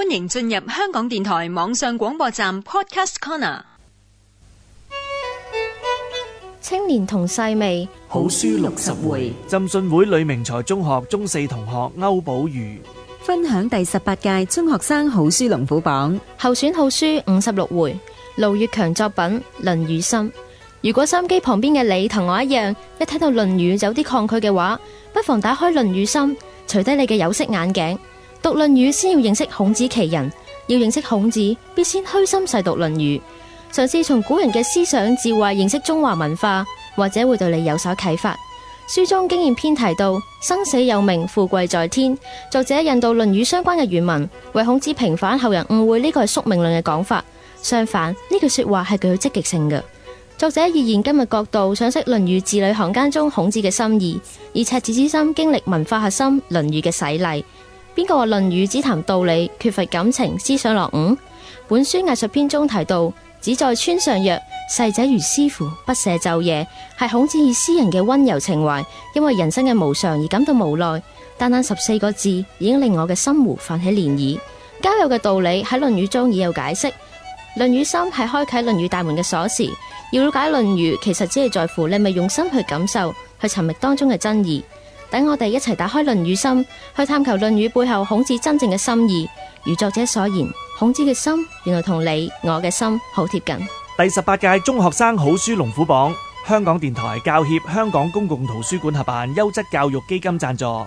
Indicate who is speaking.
Speaker 1: 歡迎進入香港電台網上廣播站 Podcast Corner。青年同細味好書六十回。回
Speaker 2: 浸信會呂明才中學中四同學歐寶瑜
Speaker 1: 分享第十八屆中學生好書龍虎榜候選好書五十六回，勞悅強作品《論語心》。如果收音機旁邊嘅你同我一樣，一睇到《論語》有啲抗拒嘅話，不妨打開《論語心》，除低你嘅有色眼鏡。讀《論語》先要認識孔子其人，要認識孔子，必先虛心細讀《論語》。嘗試從古人嘅思想智慧認識中華文化，或者會對你有所啟發。書中經驗篇提到生死有命，富貴在天。作者引到《論語》相關嘅原文，為孔子平反，後人誤會呢個係宿命論嘅講法。相反，呢句說話係具有積極性嘅。作者以現今日角度賞析《論語》字裏行間中孔子嘅心意，以赤子之心經歷文化核心《論語》嘅洗禮。邊個話《論語》只談道理，缺乏感情、思想落伍？本書藝術篇中提到，子在川上曰：逝者如斯夫，不舍晝夜。係孔子以詩人嘅溫柔情懷，因為人生嘅無常而感到無奈。單單十四個字，已經令我嘅心湖泛起漣漪。交友嘅道理喺《論語》中已有解釋，《論語》心係開啟《論語》大門嘅鎖匙。要了解《論語》，其實只係在乎你咪用心去感受，去尋覓當中嘅真義。等我哋一齊打開《論語》心，去探求《論語》背後孔子真正嘅心意。如作者所言，孔子嘅心原來同你我嘅心好貼近。第十八屆
Speaker 2: 中學生好書龍虎榜，香港電台教協、香港公共圖書館合辦，優質教育基金贊助。